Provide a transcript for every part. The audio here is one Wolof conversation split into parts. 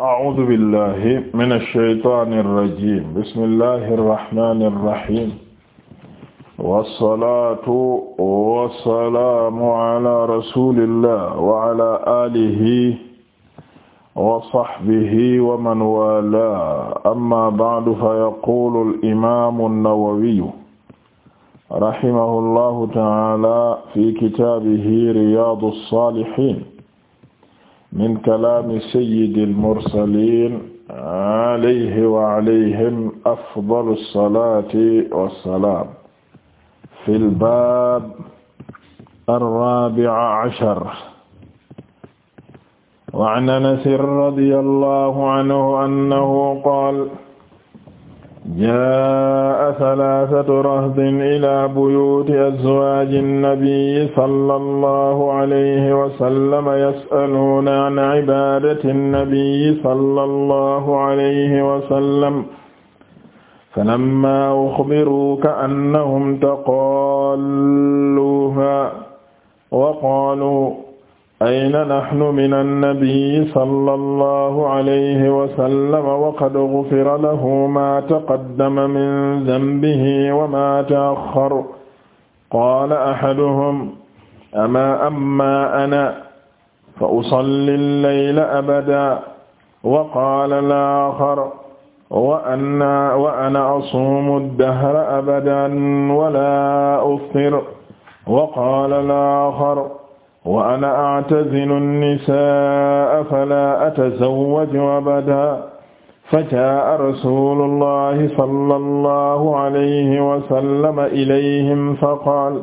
أعوذ بالله من الشيطان الرجيم بسم الله الرحمن الرحيم والصلاة والسلام على رسول الله وعلى آله وصحبه ومن والاه أما بعد فيقول الإمام النووي رحمه الله تعالى في كتابه رياض الصالحين min kalaami sayyidil mursaliin alayhi wa alayhim afdalu salaati wa salaam fil baab arraabi'a cashar wa can Anas radiyallaahu canhu annahu qaala jaa salaasatu rahdin ilaa buyuuti azwaaji nabiyyi sallallahu alayhi wa sallam yas'aluuna an cibaadati nabiyyi sallallahu alayhi wa sallam falammaa uxbiruu ka'annahum taqaalluuhaa wa qaaluu ayna nahnu mina nabiyyi sallallahu alayhi wa sallam wa qad ghufira lahu ma taqaddama min dhanbihi wa ma ta'akhkhara qaala ahaduhum amaa amma ana fa usalli al-layla abadan wa qaala al-aakhar wa ana wa ana asuumu ad-dahra abadan wa laa aftiru wa qaala al-aakhar wa ana a'tazilu an-nisaa falaa atazawwaju abadan fajaa'a rasuulullahi sallallahu alayhi wa sallama ilayhim faqaala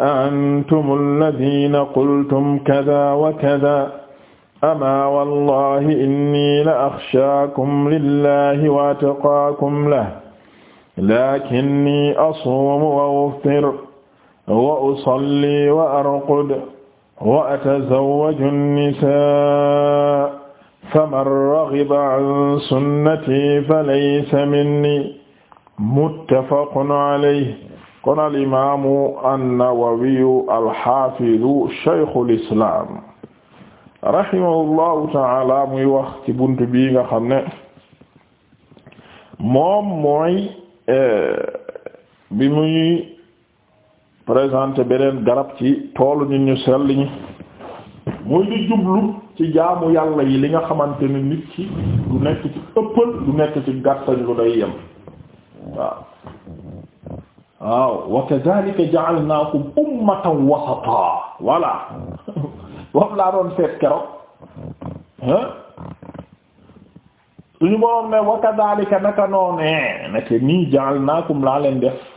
antumu allaziina qultum kaza wa kaza amaa wallaahi innii la axshaakum lillaahi wa atqaakum lahu laakinnii asuumu wa uftiru wa usalli wa arqud wa atazawwaju nisaa faman raghiba an sunnati falaysa minni muttafaqun alayhi kon al-imaamu an-Nawawiyu al-haafidu shaykhul islaam rahimahullahu ta'aala muy wax ci buntu bii nga xam ne moom mooy eh, bi muy présenté beneen garab ci toolu nit ñu sell ñi mooy di jublu ci jaamu yàlla yi li nga xamante ne nit ci du nekk ci ëppal du nekk ci gàttañ lu day yem waaw waaw wa kadhalika ja'alnakum ummatan wasata voilà boobu laa doon seet keroog hein suñu boroom ne wa kadhalika naka noonee naka nii ja'alnakum laa leen def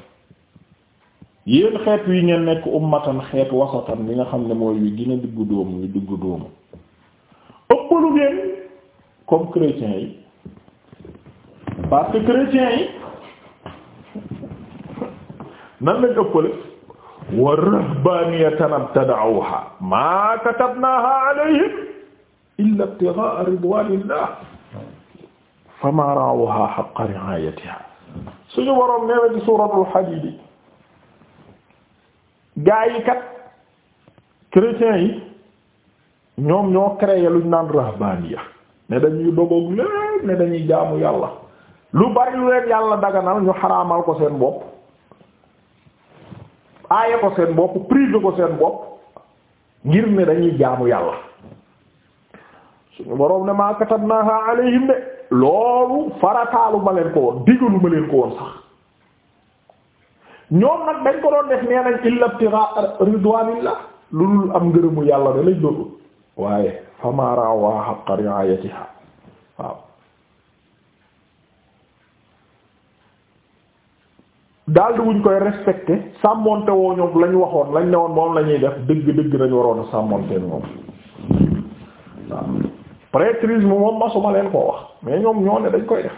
yéen xeet wi ngeen nekk ummatan xeet wasatan li nga xam ne mooy wi gën a diggu doomu wi diggu doomu ëppalu ngeen comme chrétiens yi parce que yi nan lañ ëppale wa rahbaniyatan abtada'uha ma katabnaha alayhim illa ibtigha'a ridwanillah fama ra'awha haqqa ri'ayatiha suñu waroon newe ci suratul hadid gaa yi kat chrétiens yi ñoom ñoo créé luñ naan rahbaniya ne dañuy dogoog lépp ne dañuy jaamu yàlla lu bari lu leen yàlla daganal ñu xaraamal ko seen bopp aaye ko seen bopp privé ko seen bopp ngir ne dañuy jaamu yàlla suñu boroom ne maa katabnaha alayhim de loolu farataalu ma leen ko woon digalu ma leen ko woon sax ñoom nag dañ ko doon def nee nañ illa ibtigha ridwanillah lu dul am ngërëmu yàlla de lañ doon waaye fama rawa haqqa ri'ayatiha waaw daldi wuñ koy respecté sàmmonte woo ñoom lañ waxoon lañ ne woon moom la ñuy def dëgg dëgg nañ waroon a sàmmonteen moom waaw prêtrisme moom masuma leen koo wax mais ñoom ñoo ne dañ koy def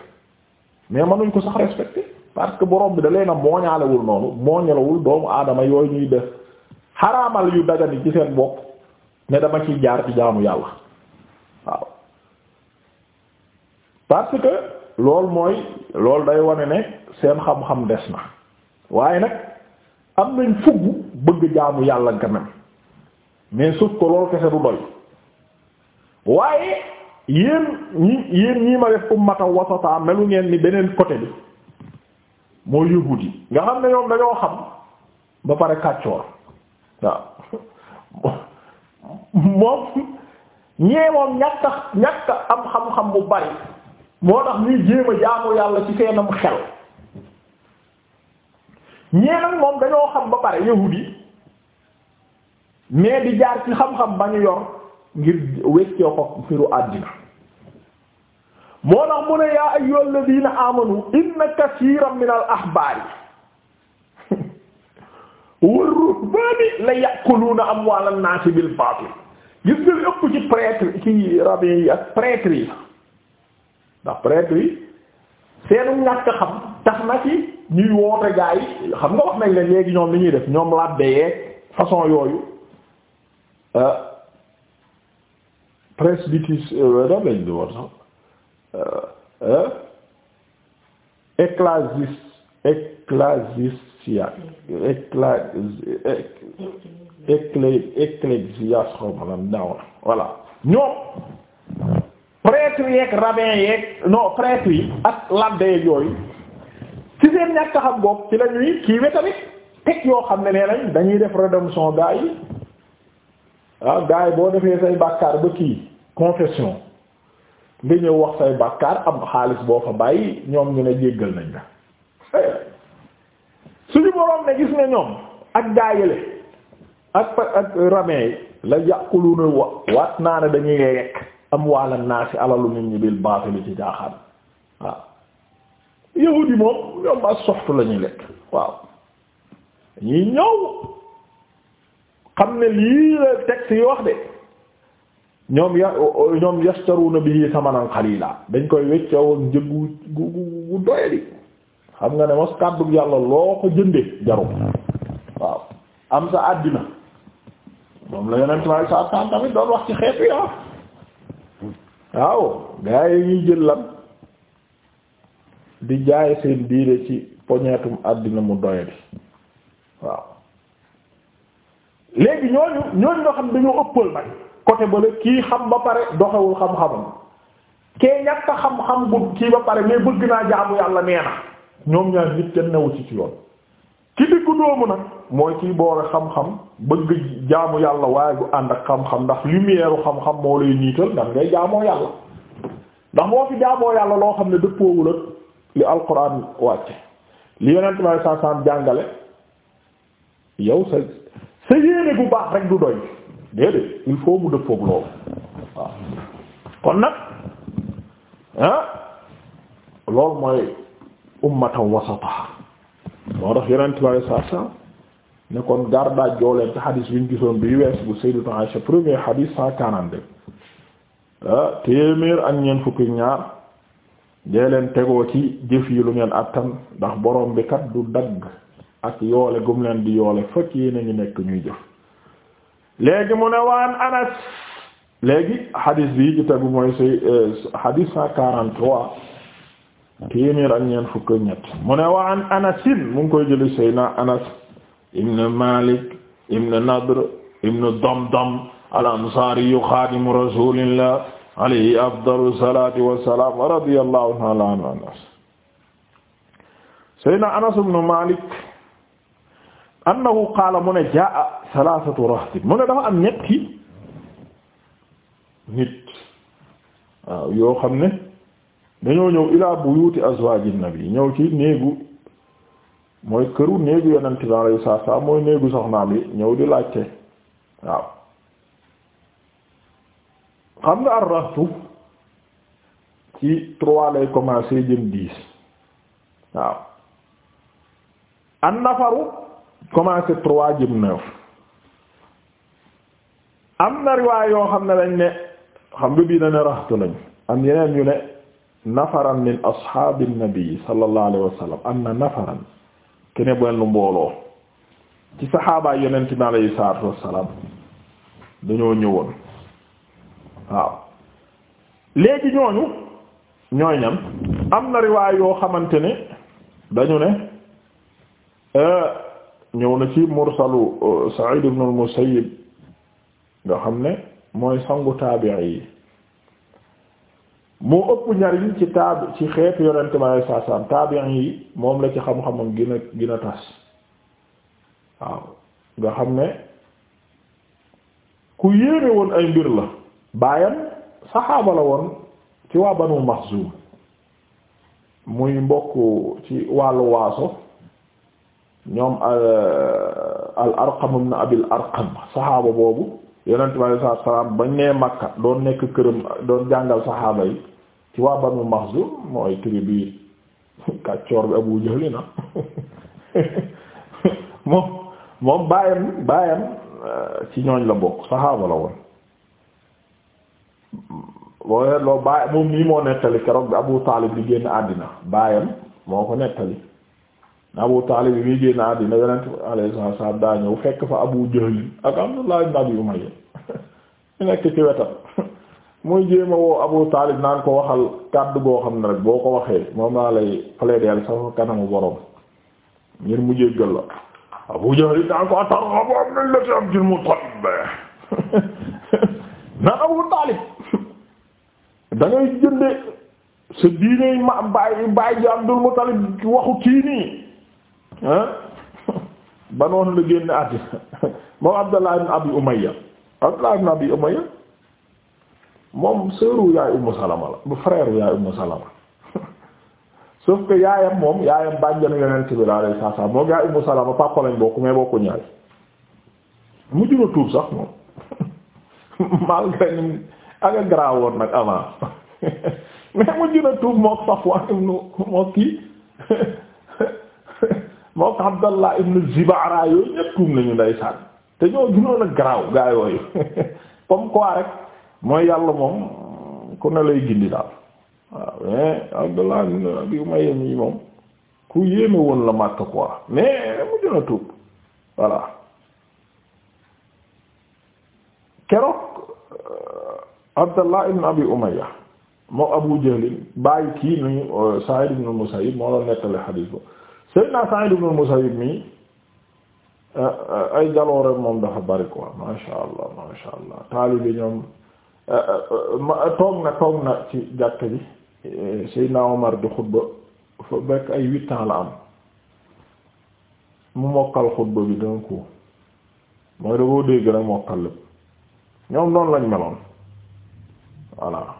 mais mënuñ ko sax respecté parce que borom bi da leen a mooñaalewul noonu mooñalewul doomu aadama yooyu ñuy def xaraamal yu dagani ci seen bopp ne dama ciy jaar ci jaamu yàlla waaw parce que loolu mooy loolu day wane ne seen xam-xam des na waaye nag am nañ fugg bëgg jaamu yàlla quand même mais suuf ko lool kese du doy waaye yéen ñi yéen ñii ma def ummatan wasata melu ngeen ni beneen côté bi moo yahuud yi nga xam ne ñoom dañoo xam ba pare kàccoor waaw moom ñee moom ñàkk a ñàkk am xam-xam bu bari moo tax ñuy jéem a jaamu yàlla ci seenam xel ñee nag moom dañoo xam ba pare yahuud yi mais di jaar ci xam-xam ba ñu yor ngir wéccee ko mbiru àddina moo tax mu ne yaa ayyuhal ladina amanu inna kasiiran minal ahbaari war ruhbaani la ya'kuluuna amwaalan naasi bil baatil gis nga li ëpp ci prêtre ci rabbin yi ak prêtre yi ndax prêtre yi seenu ñàkk xam tax na ci ñuy woote gaa yi xam nga wax nañ leen léegi ñoom li ñuy def ñoom làbbe façon yooyu euh, presbytis euh, lañ di woon sax Euh, éclasis éclasia écla éclé ecclésias xawmalam daaw na voilà ñoom prêtre yeeg rabbin yeeg non prêtre yi ak labbe yooyu ci seen ñàkk xam bopp ci la ñuy kiiwe tamit teg yoo xam ne nee nañ dañuy def rédemption gaa yi waaw ah, gaa yi boo defee say bàkkaar ba kii confession nga ñëw wax say bàkkaar am xaalis boo fa bàyyi ñoom ñu ne jéggal nañ la suñu boroom ne gis nga ñoom ak gaayale ak ak ramen yi la yàquluna wa waat naa ne dañuy lekk am waala naa si alalu nit ñi bil baatil ci jaaxaan waaw yahudi moom ñoom ak soxtu la lekk waaw ñuy ñëw xam ne lii la texte wax de ñoom ya ñoom yastaruna bihi samanan qalila dañ koy wéccoo ak njëg gu gu gu doyadi xam nga ne mos kàddu yàlla loo ko jënde jaru waaw am sa àddina moom la yeneen tubaab yi saa doon wax ci xeetu yi ah. waaw gaa yi ñuy jël lan di jaay seen diire ci poñeetum àddina mu doyadi waaw léegi ñooñu ñooñu ñoo xam dañoo ëppal nag. côté ba la kii xam ba pare doxewul xam-xamam kee ñàkk a xam-xam bu kii ba pare mais bëgg naa jaamu yàlla nee ñoom ñaar nit kenn newu ci ci yoon ki diggu doomu nag mooy kiy boole xam-xam bëgg jaamu yàlla waaye bu ànd ak xam-xam ndax lumière u xam-xam moo lay niital ndax ngay jaamoo yàlla ndax moo fi jaamoo yàlla loo xam ne dëppoowul ak li alquran wàcce li yonent ma saa saa jàngale yow sa sa yéene bu baax rek du doy déedéet il faut mu dëppook loolu waaw kon nag ah loolu mooy ummatan wasata moo tax yenent bari saa saa ne kon gardaaj joo leen ci xadis bi gisoon bi wees bu Sayyidatu Aisha premier xadis cent quarante-deux ah, téeméer ak ñeent fukki ñaar dee leen tegoo ci jëf yi lu ngeen attan ndax borom bi kat du dagg ak yoole gum leen di yoole fekk yéen a nekk ñuy jëf léegi mu ne waan anas léegi hadith bi ci tegu mooy say hadith eh, cent quarante trois téeméer ak ñeent fukk ñett mu ne waan anasin mu ngi koy jëli sayna anas ibn malik ibn nadr ibn damdam al ansari yu xadimu rasulillah alayhi afdalu salati wassalam radiyallahu ta'ala anhu anas sayna anas ibn malik annahu qaala mu ne jaa salaasatu rahtin mu ne dafa am ñetti nit waaw yoo xam ne dañoo ñëw ilaa buyuuti azwaaji nabi ñëw ci néegu mooy këru néegu yonent bi alayhi salaatu salaam mooy néegu soxnaam yi ñëw di laajte waaw xam nga ar-rahtu ci trois lay commencer jëm dix waaw an-nafaru commencé trois jëm neuf am na riwaay yoo xam ne lañ ne xam nga bii na ne raxtu nañ am yeneen yu ne nafaran min ashaabi nabi sallallahu alayhi am na nafaran kene benn mbooloo ci saxaabaay yonent bi alayhi salaatu wassalaam dañoo ñëwoon waaw léegi ñooñu ñooy ñam am na riwaay yoo xamante ne dañu ne euh, ñëw na ci mursalu euh, Sa'id ibn al nga xam ne mooy sangu taabi'i yi moo ëpp njariñ ci taabi ci xeetu yonent bi alayhi salaam taabi'i yi moom la ci xam-xamam gën a tas waaw nga xam ne ku yéene woon ay mbir la baayam saxaaba la woon ci waa Banu Maxzum muy mbokk ci wàllu waaso ñoom euh, al arqam ibn abil arqam saxaaba boobu yonent bi alayhi salaatu salaam bañ nee Makka doon nekk këram doon jàngal saxaaba yi ci waa Banu Maxzum mooy tribu yi kàccoor bi moom baayam baayam euh, ci ñooñ la bokk saxaaba la woon boo loo baay moom nii moo nettali keroog bi Abu Taalib di génn àddina baayam moo ko nettali Abu Taalib bi muy génn àddina Yonent alayhi salaatu salaam daa ñëw fekk fa Abu Jahl ak a woo Abu Taalib naan ko waxal kàddu boo xam ne rek boo ko waxee moom laa lay plaider sa kanamu borom ngir mu jéggal la Abu Jahl naan ko atarghabu an millati Abdil Abu Taalib da jënde sa diine ma bàyyi bàyyi ji Abdul Muttalib waxu kii nii ba noonu la génn àddina moom Abdallah Abi Umayya Abdallah Abi Umayya moom sœuru yaay Ummu Salama la frère yaay Ummu Salama sauf que yaayam moom yaayam bàjjanu Yonent bi la saa saa moom yaay Ummu Salama papa lañ tuub sax moom malgré ni aga garaawoon nag avant mais mujj na kii moo ko Abdallah ibn Zibara yooyu ñëpp tuum nañu ndeysaan te ñoo gënoon a garaaw gaa yooyu comme quoi rek mooy yàlla moom ku ne lay gindi daal waaw mais Abdallah ibn Abi Umayya woon la màkk quoi mais mu jën a euh, moo Abu Jahl bàyyi kii nuñu euh, Sa'id ibn Musayyib moo la nettale xadiis ba Seydina Sa'id ibn Musayyib mi ay jaloore moom dafa bari quoi masha Allah masha Allah taalibe ñoom toog na toog na ci jàkk bi Seydina Omar di xutba fa bekk ay huit la am mu mokkal xutba bi d'un mooy da koo dégg rek mokkal lépp ñoom noonu lañ meloon voilà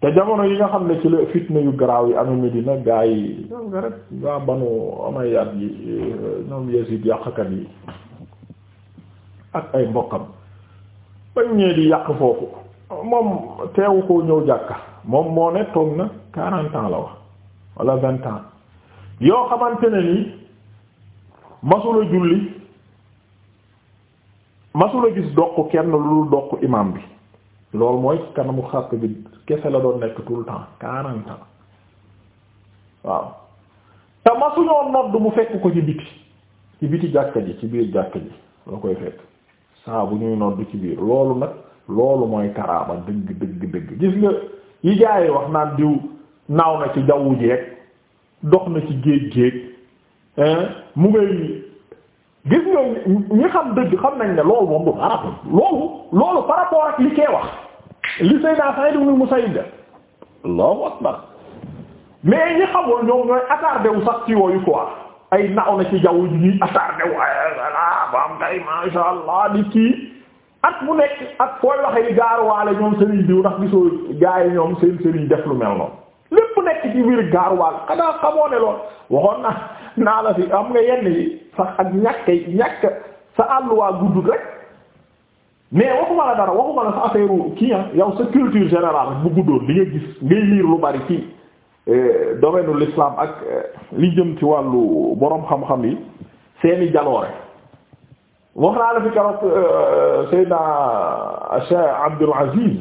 te jamono yi nga xam ne ci la fitna yu garaaw yi ame Medina gaa yi ñoom nga rek waa banu Umayyad yi euh, ñoom Yazid yàqkat yi ak ay mbokkam bañ ñee di yàq foofu moom teewu ko ñëw jàkka moom moo ne toog na quarante ans la wax wala vingt ans yoo xamante ne nii masula julli masula gis doq kenn lu dul doq imam bi loolu mooy kanamu xàq bi kese la doon nekk tout temps quarante waaw te masuñoo nodd mu fekk ko ci biti ci biti jàkka ji ci biir jàkka ji la koy fekk saa bu ñuy nodd ci biir loolu nag loolu mooy karaama dëgg dëgg dëgg gis nga yi gaa wax naan diw naaw na ci jawwu jeeg dox na ci géej géej mu ngay gis nga ñi xam dëgg xam nañ ne loolu moom du xaratu loolu loolu par ak li kee wax li Seydina Saïd ibn Musayyib def Allahu akbar mais ñi xamoon ñoom ñooy attardé wu sax ci yooyu quoi ay naaw na ci jaww ji ñuy attardé wu voilà ba am kay masha Allah di kii at bu nekk ak fooy waxe yi gaaruwaale ñoom sëriñ diw ndax gisoo gaa yi ñoom seen sëriñ def lu mel noonu lépp nekk ci biir gaaruwaal xanaa xamoo ne lool waxoon na naa la fi am nga yenn yi sax ak ñàkk ñàkk sa àlluwaa guddul rek mais waxuma la dara waxuma la sa affaire kii ah sa culture générale bu guddoon li nga gis ngay liir lu bari ci euh, domaine u l'islam ak euh, li jëm ci wàllu boroom xam-xam yi seeni jaloore wax naa la fi keroog euh, Seydina Cheikh Abdul Aziz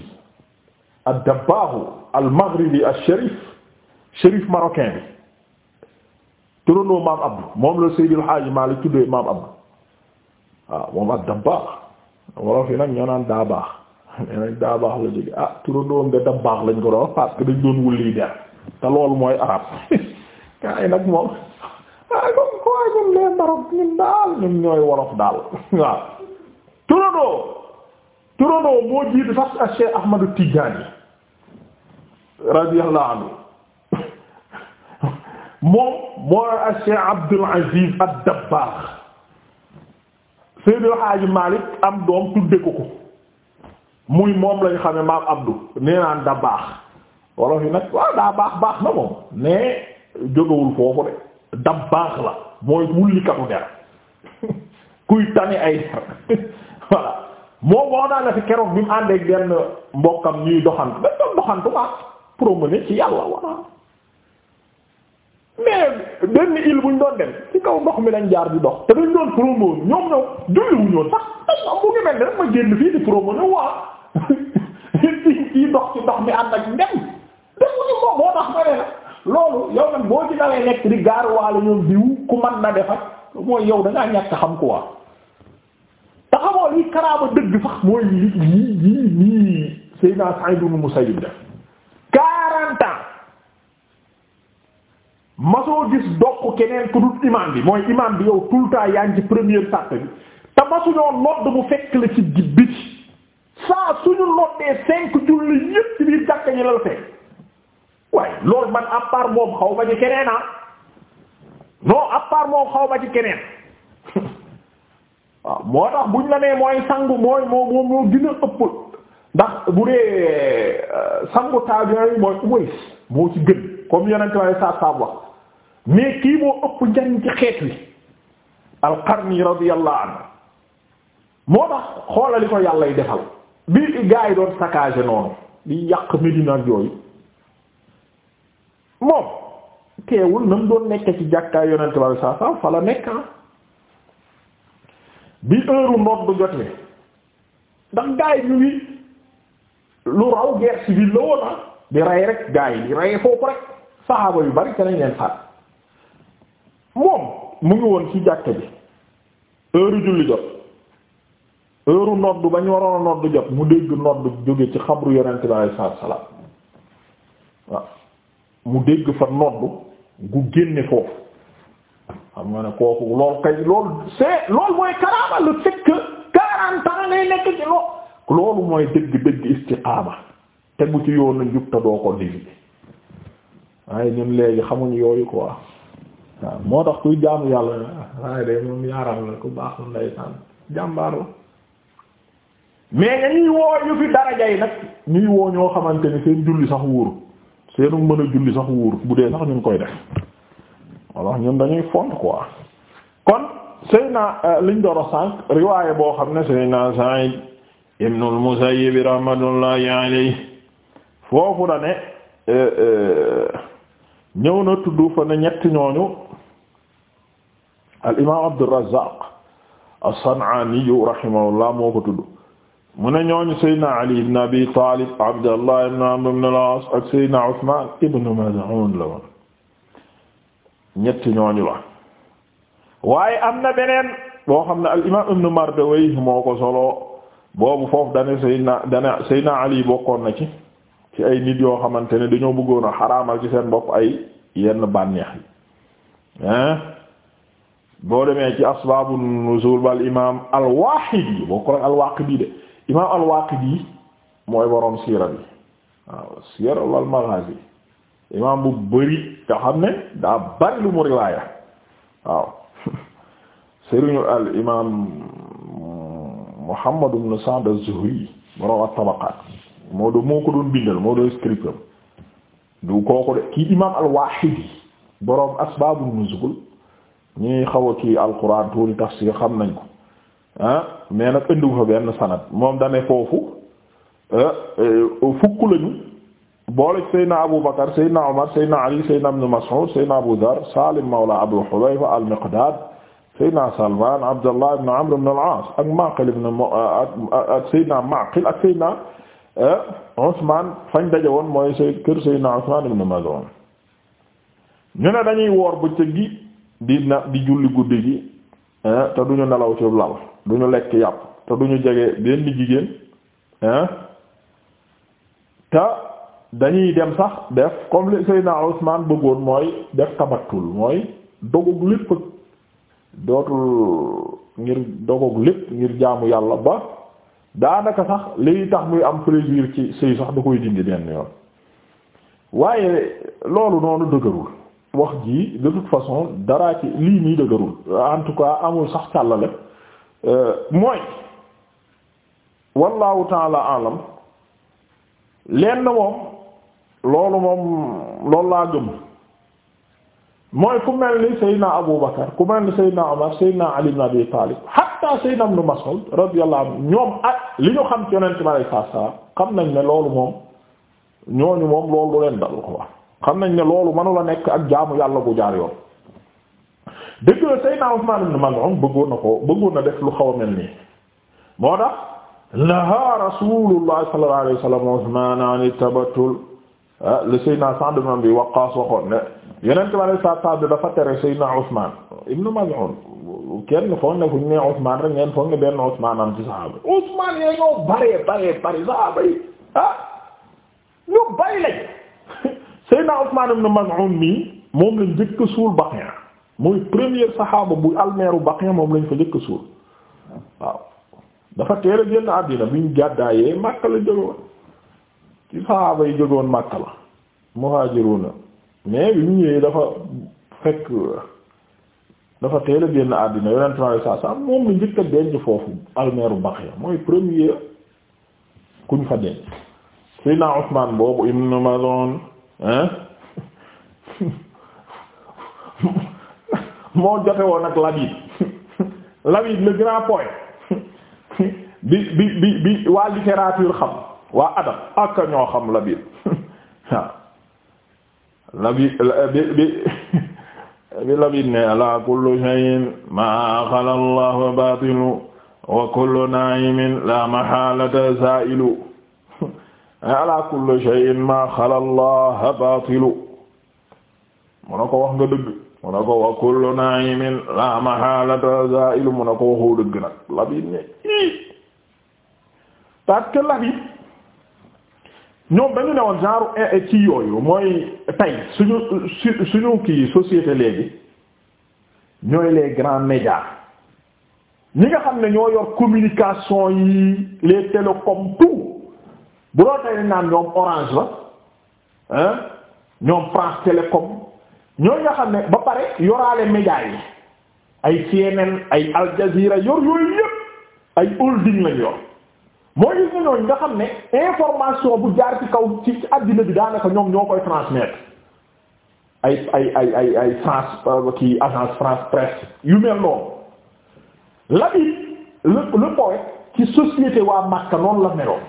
ad-Dabbaahu al-Maghribi al-Sharif Sharif marocain bi turandoo maam Abdou moom la Seydil Hadji Malick tuddee maam Abdou ah, moom ad-Dabbaah wolof yi nag ñoo naan daa baax nee nañ daa baax la jóge ah turandoom de da baax lañ ko doon parce que dañ doon wulli der te loolu mooy arab gaa yi nag moom ah comme quoi ñun les Maroc ñun daal ñun ñooy wolof daal waaw turandoo moo jiitu sax ak Ahmadu Tijaani radiyallahu anhu moom moo ak Abdul Aziz ad-Dabbaax Seydou Hadji Malick am doom tudde ko ko muy moom lañu xame maam Abdou nee naan da baax wolof yi nag waaw daa baax baax na moom mais jógewul foofu de da baax la mooy wullikatu der kuy tani ay der voilà moom wax naa fi keroog bi mu àndeek benn mbokkam ñuy doxantu dañ doxantu waa promener ci yàlla walla mais benn île buñ doon dem ci kaw ndox mi lañ jaar di dox te dañ doon promo ñoom ñoom julliwuñ woon sax mu ngi mel ne rek ma génn fii di promo ñoom waa ci dox ci ndox mi ànd ak ndem defuñu moom moo tax bare la loolu yow nag boo ci dalee nekk di gaaruwaale ñoom diw ku mën na defar mooy yow da ngaa ñàkk xam quoi te xamoo lii karaama dëgg sax mooy lii lii lii lii Seydina Saïd ibn Musayyib def masoo gis dokk keneen ku dul imam bi mooy imam bi yow tout yaa ngi ci première sàpp bi te masuñoo nodd mu fekk la ci biti saa suñu noddee cinq julli yépp ci biir jàkka ñi la la fekk waaye loolu man à part moom xaw ma ci keneen ah non à moom xaw ma ci keneen waaw moo tax buñ la nee mooy sangu mooy moo moo gën a ëpp ndax bu dee euh, sangu tabiens yi mooy uways moo ci gën comme yeneen waaye saa saa wax mais kii moo ëpp njariñ ci xeet wi al-Qarni radiyallahu anhu moo tax xoolali ko yàlla yi defal bi gaa yi doon saccagé noonu di yàq Medina ak yooyu moom teewul na mu doon nekk ci jàkkaay yonent bi saa saa fa la nekk ah. bi heure nodd bu jotee ndax gaa yi ñu lu raw guerre civile la woon ah. di rey rek gaa yi di rey foofu rek saxaaba yu bari te leen faat moom mu ngi woon ci jàkk bi heure julli jot heure nodd ba waroon a nodd jot mu dégg nodd jóge ci xabru yonent bi alayhi salaatu salaam waaw mu dégg fa nodd gu génne foofu xam nga ne kooku lool kay lool c'est lool mooy karaama le fait que nekk ci lool loolu mooy dëgg-dëgg istiqaama tegu ci yoonu njub te doo ko liggéey waaye ñun léegi xamuñ yooyu quoi. waaw moo tax kuy jaamu yàlla ah, waaye day moom yaaram la ku baax la ndeysaan jàmbaar la mais nga ñuy woo ñu fi daraja yi nag ñuy woo ñoo xamante ni seen julli sax wóoru seenu mën a julli sax wóoru bu dee sax ñu koy def walla ñun dañuy font quoi kon Seyna euh, liñ doon sànq riwaaye boo xam ne Seyna Sa'id ibn al-Musayyib rahmatullahi alayhi foofu da ne euh, euh, ñëw na tudd fa ne ñett ñooñu al imaam Abdurrazzaq as-San'aani rahimahullah moo ko tudd mu ne ñooñu Seydina Ali ibn Abi Taalib Abdallah ibn ibn al-As ak Seydina Usmaan ibn Maz'uun la woon ñetti ñooñu la waaye am na beneen boo xam ne al imaam Ibn Mardawayh moo ko solo boobu foofu dane Seydina dane Seydina Ali bokkoon na ci ci ay nit yoo xamante ne dañoo bëggoon a xaraamal ci seen bopp ay yenn bànneex yi boo demee ci asbaabu nuzul ba al imaam al Waaqidi boo ko al Waaqidi de imaam al Waaqidi mooy borom siira bi waaw siira wal maghaazi imaam bu bari nga xam ne daa bari lu mu riwaaya waaw sëriñu al imaam Muhammad ibn Sa'd az-Zuhri borom at-Tabaqaat moo do moo ko doon bindal moo doon script du kooku de kii imaam al Waaqidi borom asbaabu nuzul ñuy xaw a kii alquran tuuri tafsir xam nañ ko ah mais nag indi fa sanad moom dane foofu eh, eh, fukk lañu boole Seydina Abu Bakar Seydina Omar Seydina Ali Seydina Ibn Mas'ud Seydina Abu Dhar Salim mawla Abu Hudayfa al-Miqdad Seydina Salman Abdullah ibn Amr ibn al-As ak Maqil ibn ak Seydina Maqil ak Seydina eh, Ousmane fañ daje woon mooy kër Seydina Ousmane ibn Maz'un ñu ne dañuy woor bëccëg gi di na di julli guddi gi te duñu nelaw ci lal duñu lekk yàpp te duñu jege benn jigéen te dañuy dem sax def comme li Seydina Usman bëggoon mooy def tabattul mooy dogug lépp dootul ngir dogog lépp ngir jaamu yàlla ba daanaka sax li tax muy am plaisir ci sëy sax da koy dindi benn yoon waaye loolu noonu dëgërul wax ji de toute façon daraa ci lii nii dëgërul en tout cas amul sax càllale euh, mooy wallahu taala alam lenn moom loolu moom loolu laa gëm mooy ku mel ni Seydina Abu Bakar ku mel ni Seydina Omar Seydina Ali ibn Abi Talib hatta Seydina Ibn Mas'ud radiyallahu anhu ñoom ak li ñu xam ci yonent bi xam nañ ne loolu moom ñooñu moom loolu leen dal ko wax xam nañ ne loolu manula nekk ak jaamu yàlla bu jaar yoon dëgg la Seydina Usmaan ibn Maz'un bëggoon na ko bëggoon na def lu xaw a mel nii moo tax naha Rasulullah sallallahu alayhi wasallam Usmaan an tabattul le Seydina Sa'd ibn Abi Waqqaas waxoon ne yeneen ma ne sa sab dafa tere Seydina Usmaan ibn Maz'un kenn foog ne fu ñu nee Usmaan rek ngeen foog ne benn Usmaan am ci saxaaba Usmaan yooyu ñoo bare bare bare saxaaba yi ah ñu bari lañ Seydina Usmaan ibn Maz'un mi moom lañ njëkk a suul Baqiya mooy premier saxaaba bu almeeru Baqiya moom lañ fa njëkk a suul waaw dafa teel a génn àddina bi ñu gàddaayee Makka la jógoon ci saxaaba yi jógoon Makka la muhaajiruuna mais bi ñu dafa fekk dafa teel a génn àddina Yonent Yàlla saa saa moom la njëkk denc foofu almeeru Baqiya mooy premier kuñ fa denc Seydina Usmaan boobu ibn Maz'un moo jote woon ak Labid Labid le grand poète bi bi bi bi waa littérature xam waa adab ak ñoo xam Labid waaw Labid bi bi bi Labid ne ala kullu shay'in ma xala Allah batilu wa kullu na'imin la mahalata za'ilu ala kulli shay'in ma Allah baatilu mu na ko wax nga dëgg mu na ko wa kullu na'imin la mahalata za'ilu mu na ko waxoo dëgg nag Labid ne parce que Labid ñoom dañu ne woon genre eh, eh, ci yooyu mooy tey suñu suñu kii société léegi ñooy les grands médias ñi nga ne ñoo yor communication yi les télécoms tout bu doon tey naan ñoom orange la ah ñoom France Télécom ñooy nga xam ne ba pare yoraale média yi ay CNN ay Al yor yooyu yépp ay holding lañ yor moo gis ne ñooñu nga xam ne information bu jaar ci kaw ci ci àddina bi daanaka ñoom ñoo koy transmettre ay ay ay ay ay France euh, agence France Presse yu mel noonu la bi le le poète ci société waa Makka noonu la meloon.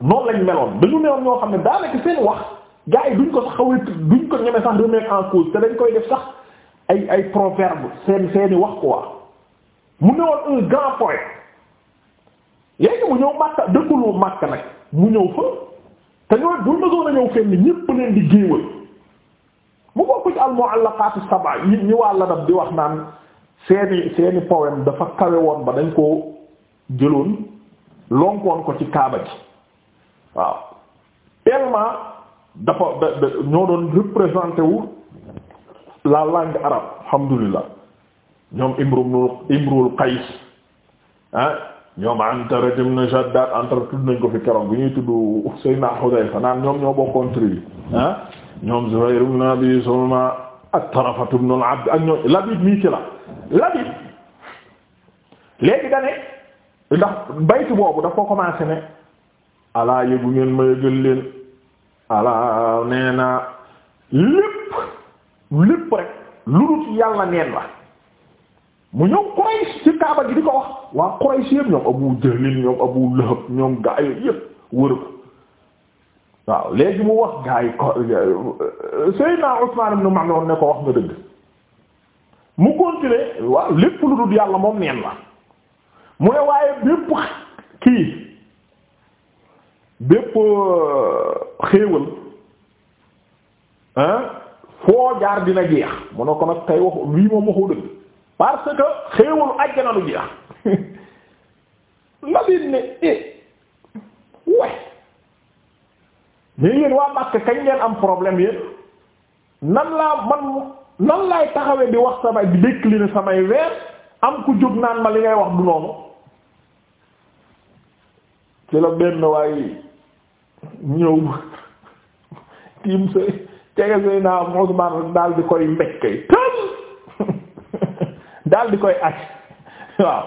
noonu lañ meloon dañu newoon ñoo xam ne daanaka seen wax gars yi duñ ko sax xaw duñ ko ñeme sax remettre en cause te dañ koy def sax ay ay proverbe seen seeni wax quoi mu newoon un grand poète léegi mu ñëw Makka dëkkuloo Makka nag mu ñëw fa te ñoo bu ma soon a ñëw fenn ñépp leen di géewal mu bokk ci al mu'allaqat as-sab'a yi ñi waa ladab di wax naan seeni seeni poème dafa kawe woon ba dañ koo jëloon lonkoon ko ci kaaba ji waaw tellement dafa da doon représenté wu la langue arabe alhamdulillah ñoom imru imrul qais ah ñoom Antara ibn Shaddad Antara tudd nañ ko fi keroog bi ñuy tudd Seydina Hudayfa naan ñoom ñoo bokkoon tribu ah ñoom Zuhayr ibn Abi Sulma ak Tarafatu ibn al-Abd ak ñoom Labid mii ci la Labid léegi da ne ndax baytu boobu daf commencé ne. alaa yëgu ngeen ma yëgal leen alaa nee na lépp lépp rek lu dul yàlla neen la mu ñëw Quraysh ci kaaba gi di ko wax waa Quraysh yëpp ñoom Abu Jahl ñoom Abu Lahab ñoom gaa yooyu wër ko waaw léegi mu wax gaa yi ko Seydina Usmaan ibn Maz'un ne ko wax nga dëgg mu continuer waaw lépp lu dul yàlla moom neen la mu ne waaye bépp kii bépp euh, xéewal foo jaar dina jeex mu ne ko nag tey waxu lii moom waxu dëgg parce que xéewalu àjjana du jeex labit ne eh we mais yéen waa Makka kañ ngeen am problème yéen nan laa man nan laay taxawee di wax samay di décliner samay weer am ku jóg naan ma li ngay wax du noonu ci la benn waaye ñëw tiim sa tege say naa Usmaan daal di koy mbekkee tël daal di koy aj waaw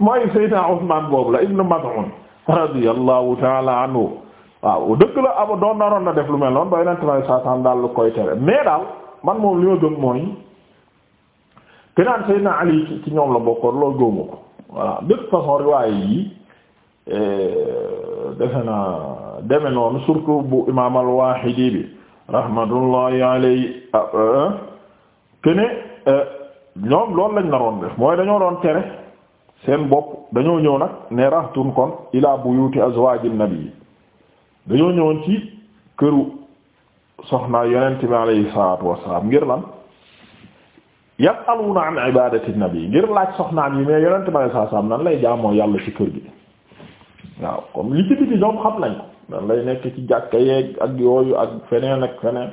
mooy Seydina Usmaan boobu la Ibn Mas'ud radiyallahu ta'ala anhu waaw dëkk la abo doon naroon na def lu ba yeneen tamit saa saa daal lu koy ci ñoom la bokkoon loolu gëmu ko voilà de façon riwaay yi eh, defe na deme noonu surtout bu imaam al bi rahmatullahi alayhi ah, ah, kene eh, ñoom lool lañ naroon def mooy dañoo doon tere seen bopp dañoo ñëw nag ne rahtun kon ila buyuti azwaajin nabi dañoo ñëwoon ci këru soxna yonent bi alayhi salaatu wassalaam ngir lan yasaluna an ibadati nabi ngir laaj soxnaam yi mais yonent bi alayhi salaatu wassalaam nan lay jaamoo yàlla ci kër gi waaw comme li ci biti ñoom xam nañ ko dan lay nekk ci jàkka yeeg ak yooyu ak feneen ak feneen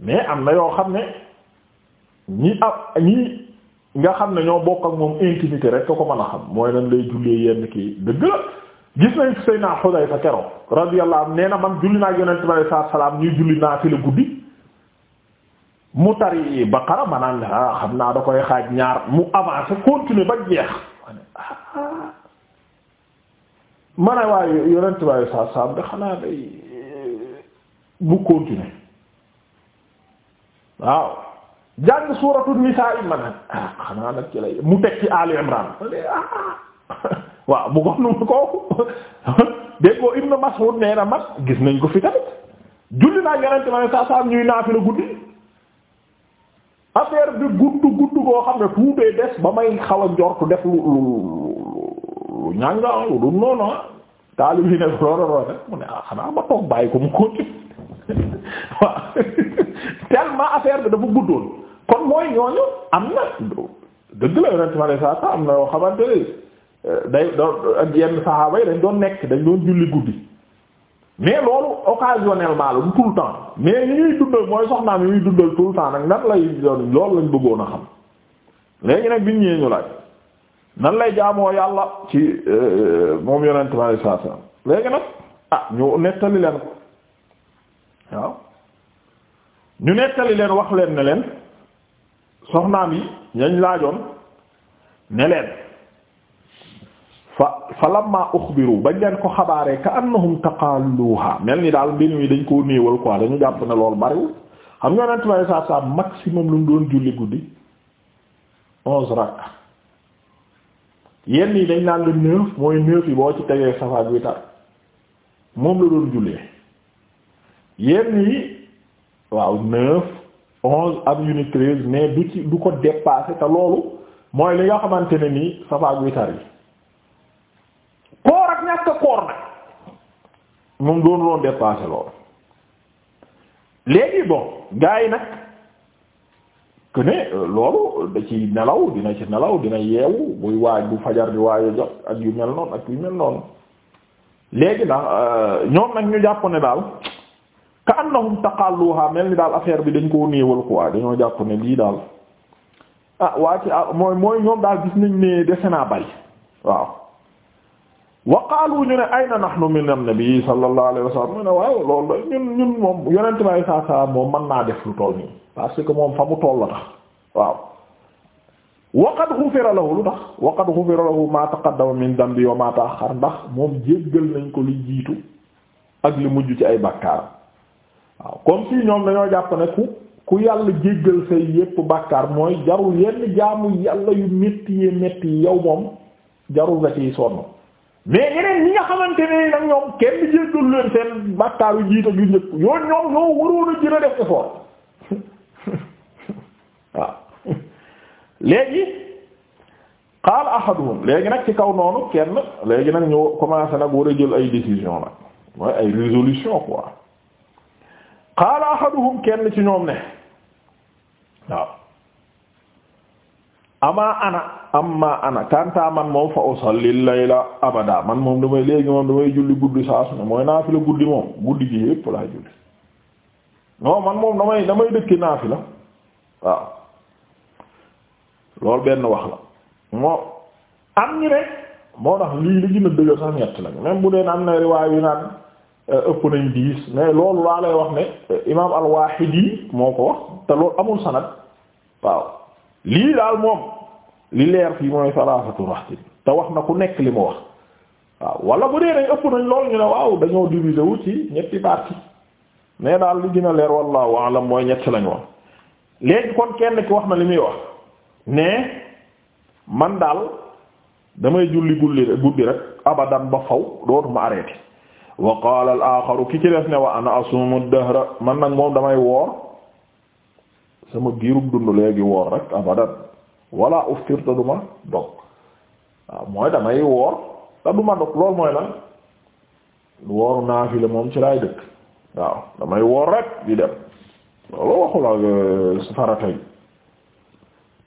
mais am na yoo xam ne ñi ab ñi nga xam ne ñoo bokk ak moom intimité rek ko ko mën a xam mooy lan lay jullee yenn kii dëgg la sëy naa Seydina Xudayfa keroog radiyallahu anhu nee na man julli naa yonent bi alayhi salaatu salaam ñuy julli naa fi la guddi mu tari Baqara ma naan ah xam naa da koy xaaj ñaar mu avancé continuer ba jeex ma ne waaye yonent saa saam de xanaa day bu euh, continuer waaw jàng suuratu nisaa yi ma ne ah xanaa nag ci lay mu teg ci Ali Imran ah, waaw bu ko nu ko dégg ko Ibn Mas'ud nee mat gis nañ ko fi tamit julli naa yonent waaye saa saam ñuy naafila guddi affaire bi gudd gudd koo xam ne tuutee des ba may xaw a njortu def lu yow ñaa nga du noonu ah taalib yi nekk loolu loolu rek mu ne ah xanaa ma toog bàyyi ko mu continué waaw tellement affaire bi dafa guddoon kon mooy ñooñu am na dëgg la yonent ma ne saa saa am na yoo xamante ne euh, day doon yenn saxaaba yi dañ doon nekk dañ doon julli guddi mais loolu occasionnellement la du tout le temps mais ñi ñuy dundal mooy soxnaam yi ñuy dundal tout le temps nag nan lay doon loolu lañ bëggoon a xam léegi nag biñ ñëwee ñu laaj. nan lay jaamoo yàlla ci euh, moom yonent bi alayhi salaatu salaam léegi nag ah ñu nettali wax leen ne leen soxnaam yi yañ laajoon ne leen fa fa lamma uxbiru bañ leen ko xabaaree ka annahum daal mbir mi dañ koo néewal quoi dañu jàpp ne loolu bariwul xam nga yonent maximum lu mu doon julli guddi onze rakka yenn yi dañ naan la neuf mooy neuf yi boo ci tegee safaak witar moom la doon jullee yenn yi waaw neuf onze ak unité treize mais du ci du ko dépasser te loolu mooy li nga xamante ne nii safaak witar yi koor ak ñàkk koor nag moom doon loon dépasser loolu léegi bon gaa yi nag que ne euh, loolu da ci nelaw dina ci nelaw dina yeewu buy waaj bu fajar di waaye jot ak yu mel noonu ak yu mel noonu léegi nag euh, ñoom nag ñu jàpp ne daal ka annahum taqalluha mel ni daal affaire bi dañ koo néewal quoi dañoo jàpp ne lii daal ah waa ci ah mooy mooy ñoom daal gis nañ ne dese naa bari waaw wa qaalu ñu ne ay nahnu min an-nabi sallallahu alayhi wa sallam mu ne waaw loolu ñun ñun moom yonente bi alayhi salaam moom mën naa def lu tool nii parce que moom fa mu toll la tax waaw wa qad ghufira lahu lu tax wa qad ghufira lahu ma taqaddama min dambi wa ma ndax moom jéggal nañ ko li jiitu ak li mujj ci ay bàkkaar waaw comme si ñoom dañoo jàpp ne ku yàlla jéggal say yépp bàkkaar mooy jarul yenn jaamu yàlla yu métti yee métti yow moom jarul nga ciy sonn mais yeneen ñi nga xamante ne nag ñoom kenn jéggul leen seen bàkkaaru jiite ju njëkk yooyu ñoom ñoo waroon a gën a def effort waaw léegi qaal ahaduhum léegi nag ci kaw noonu kenn léegi nag ñu commencé nag war a jël ay décision nag mooy ay résolution quoi qaal ahaduhum kenn ci ñoom ne waaw ama ana amma ana kanta man moom fa usalli layla abada man moom damay léegi moom damay julli guddi saa ne mooy naafila guddi moom guddi gi yépp laa julli non man moom damay damay dëkki naafila waaw loolu benn wax la moo am ñi rek moo tax lii li gën a dëgër sax ñett lañ même bu deen am na riwaay yu naan euh, ëpp nañ diis mais loolu laa lay wax ne euh, imaam al-Wahidi moo ko wax te loolu amul sanad waaw lii daal moom li leer fii mooy salaasatu raxtin te wax na ku nekk li mu wax waaw wala bu dee ëpp nañ lool ñu ne waaw dañoo divisé wu ci ñetti parti mais daal li gën leer leer wallahu alam mooy ñett lañ woon léegi kon kenn ki wax na li muy wax ne man daal damay julli gulli guddi rek abadan ba faw dootuma arrêté wa qaala al aaxaru ki ci def ne wa ana asumu dahra man nag moom damay woor sama giirum dund léegi woor rek abadan wala uftir te du ma dog waaw mooy damay woor te du ma dog loolu mooy lan wooru naafile moom ci laay dëkk damay woor rek di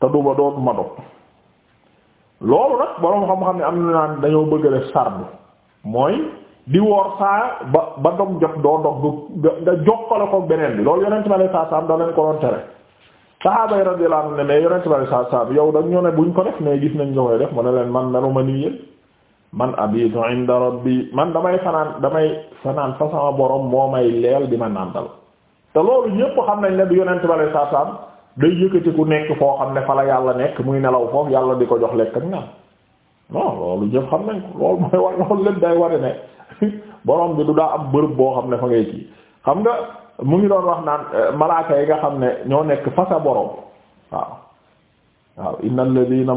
euh, ma doon ma dog loolu nag boroom xam-xam ne am na naan dañoo bëgg def sardu mooy di woor saa ba ba dog jot doo dog nga jokkale ko beneen bi loolu yonent ma ne saa da leen ko doon tere saxaaba yi radiyallahu anhum ne mais yonent bi saa saa yow dañ ñoo ne buñ ko def mais gis nañ nga koy def mu ne leen man meluma nii yéen man abitu inda rabbi man damay fanaan damay fanaan fa sama borom moo may leel di ma nàndal te loolu ñépp xam nañ ne du yonent bi saa saa day yëkkati ku nekk foo xam ne fa la yàlla nekk muy nelaw foofu yàlla di ko jox lekk ak naan non loolu ñépp xam nañ ko loolu mooy war loolu lépp day ware ne borom bi du daa am bërëb boo xam ne fa ngay mu ngi doon wax naan euh, malaaka yi nga xam ne ñoo nekk fa sa borom waaw waaw innal ladina